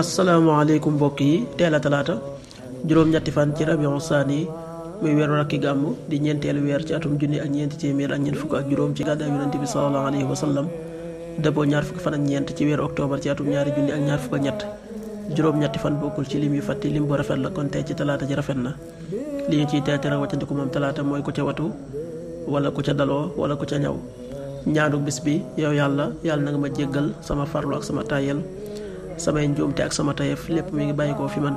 asalaamaaleykum mbokk yi teel a talaata juróom-ñetti fan ci rabion saani muy weeru rakki gàmm di ñeenteelu weer ci atum junni ak ñeenti téeméer ak ñeent fukk ak juróom ci gàddaay yonente bi sallallahu alayhi wa sallam dëppoo ñaar fukki fan ak ñeent ci weeru octobre ci ñaari junni ak ñaar fukk ñett juróom-ñetti fan bokkul ci lim yu fàtti lim bu rafet la kon tey ci talaata ji rafet na li ñu ciy teetara wàccandiku moom talaata mooy ko ca watu wala ko ca daloo wala ko ca ñaw ñaanu bis bi yow yàlla yàlla na nga ma jéggal sama farlu ak sama tàyyel samay njuumte ak sama tayef lépp mu ngi bàyyi koo fi man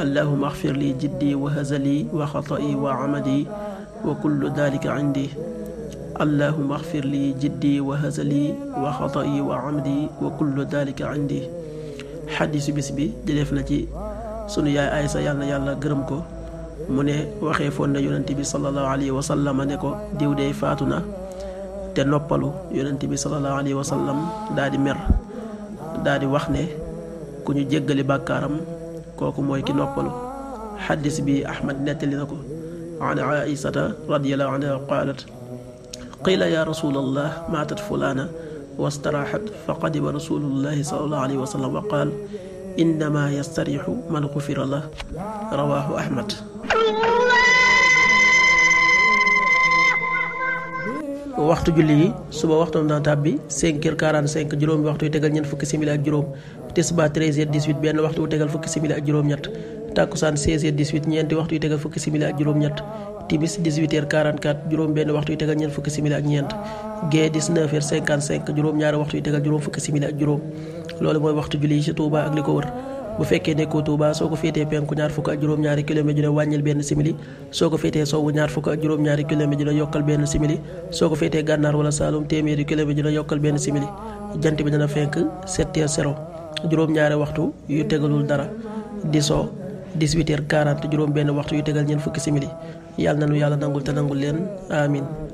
allahuma axfir li jiddi wa hazali wa xata'i wa kullu dalika indi allahuma axfir li jiddi wa hazali wa xata'i wa amadi wa kullu dalika indi xadisu bis bi jëleef na ci sunu yaay aysa yàlla yàlla gërëm ko mu ne waxee foon na yonent bi sallallahu wa sallam ne ko diw faatu na te noppalu yonent bi sallallahu alayhi wa sallam daal mer daal di wax ne ku ñu jéggali bàkkaaram kooku mooy ki noppalu xaddis bi ahmad nettali na ko an aisata qaalat qila ya rasulallah maatat fulana wastaraxat fa qadima rasulullahi salallahu alayhi wa sallam wa qaal innama yastarixu man xufira lah rawahu ahmad waxtu julli yi suba waxtoom dana tàbbi 5 heures 45 juróom bi waxtu yu tegal ñeent fukki simili ak juróom tisba 13 heures 18 benn waxtu wu tegal fukki simili ak juróom-ñett takkusaan 16 heures 18 ñeenti waxtu yu tegal fukki simili ak juróom-ñett timis 18 heures 44 juróom benn waxtu yu tegal ñeent fukki simili ak ñeent gee 19 heures 55 juróom ñaari waxtu yu tegal juróom fukki simili ak juróom loolu mooy waxtu julli yi ci Touba ak li ko wër bu fekkee nekkoo Touba soo ko feetee penku ñaar fukk ak juróom-ñaari kilomètre ju ne wàññil benn simili soo ko féetee sowwu ñaar fukk ak juróom-ñaari kilomètre ju ne yokkal benn simili soo ko féetee gànnaar wala Saalum téeméeri kilomètre ju ne yokkal benn simili jant bi dana fenk 7h0 juróom-ñaari waxtu yu tegalul dara di so dis h 40 juróom benn waxtu yu tegal ñeent fukki simili yàlla na nu yàlla nangul te nangul leen amin